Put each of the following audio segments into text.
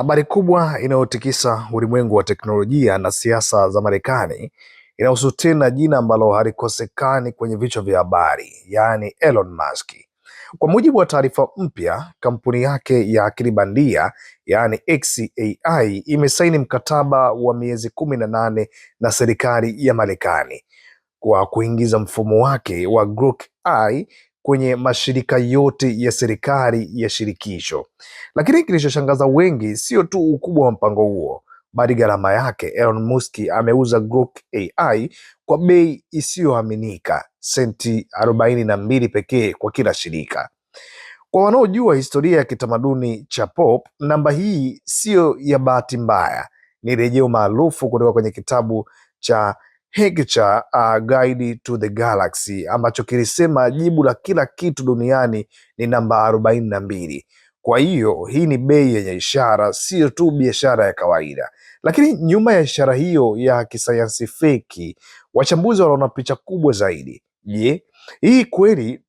Habari kubwa inayotikisa ulimwengu wa teknolojia na siasa za Marekani inahusu tena jina ambalo halikosekani kwenye vichwa vya habari, yaani Elon Musk. Kwa mujibu wa taarifa mpya, kampuni yake ya akili bandia yaani xAI imesaini mkataba wa miezi kumi na nane na serikali ya Marekani kwa kuingiza mfumo wake wa Grok AI kwenye mashirika yote ya serikali ya shirikisho. Lakini kilichoshangaza wengi sio tu ukubwa wa mpango huo, bali gharama yake. Elon Musk ameuza Grok AI kwa bei isiyoaminika, senti arobaini na mbili pekee kwa kila shirika. Kwa wanaojua historia ya kitamaduni cha pop, namba hii siyo ya bahati mbaya, ni rejeo maarufu kutoka kwenye kitabu cha cha uh, Guide to the Galaxy ambacho kilisema jibu la kila kitu duniani ni namba arobaini na mbili. Kwa hiyo hii ni bei yenye ishara, sio tu biashara ya kawaida. Lakini nyuma ya ishara hiyo ya kisayansi feki, wachambuzi wanaona picha kubwa zaidi. Je, hii kweli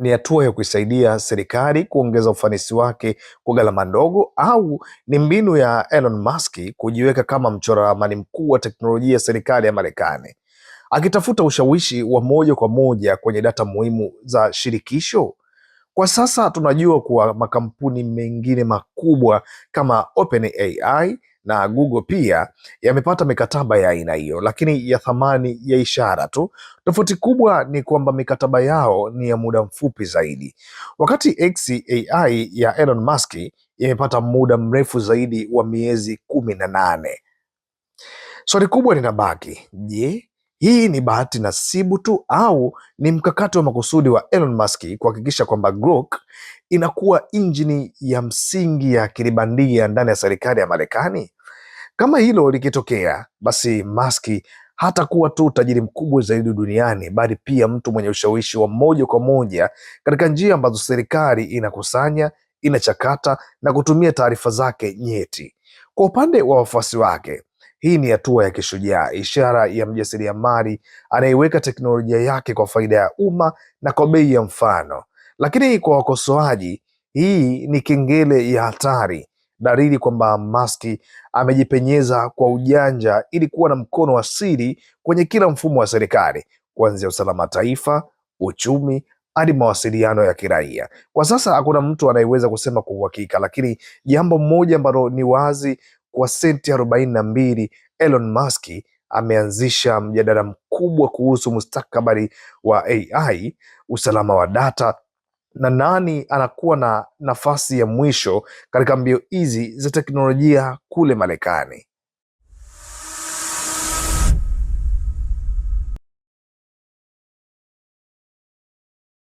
ni hatua ya kuisaidia serikali kuongeza ufanisi wake kwa gharama ndogo, au ni mbinu ya Elon Musk kujiweka kama mchora ramani mkuu wa teknolojia ya serikali ya Marekani, akitafuta ushawishi wa moja kwa moja kwenye data muhimu za shirikisho? Kwa sasa tunajua kuwa makampuni mengine makubwa kama OpenAI na Google pia yamepata mikataba ya aina hiyo, lakini ya thamani ya ishara tu. Tofauti kubwa ni kwamba mikataba yao ni ya muda mfupi zaidi, wakati xAI ya Elon Musk imepata muda mrefu zaidi wa miezi kumi na nane. Swali kubwa linabaki, je, hii ni bahati nasibu tu au ni mkakati wa makusudi wa Elon Musk kuhakikisha kwamba Grok inakuwa injini ya msingi ya akili bandia ndani ya serikali ya Marekani? Kama hilo likitokea, basi Musk hatakuwa tu tajiri mkubwa zaidi duniani, bali pia mtu mwenye ushawishi wa moja kwa moja katika njia ambazo serikali inakusanya, inachakata na kutumia taarifa zake nyeti. Kwa upande wa wafuasi wake, hii ni hatua ya kishujaa, ishara ya mjasiriamali anayeweka teknolojia yake kwa faida ya umma na kwa bei ya mfano. Lakini kwa wakosoaji, hii ni kengele ya hatari dalili kwamba Musk amejipenyeza kwa ujanja ili kuwa na mkono wa siri kwenye kila mfumo wa serikali kuanzia usalama taifa, uchumi hadi mawasiliano ya kiraia. Kwa sasa hakuna mtu anayeweza kusema kwa uhakika, lakini jambo moja ambalo ni wazi kwa senti arobaini na mbili, Elon Musk ameanzisha mjadala mkubwa kuhusu mustakabali wa AI, usalama wa data na nani anakuwa na nafasi ya mwisho katika mbio hizi za teknolojia kule Marekani?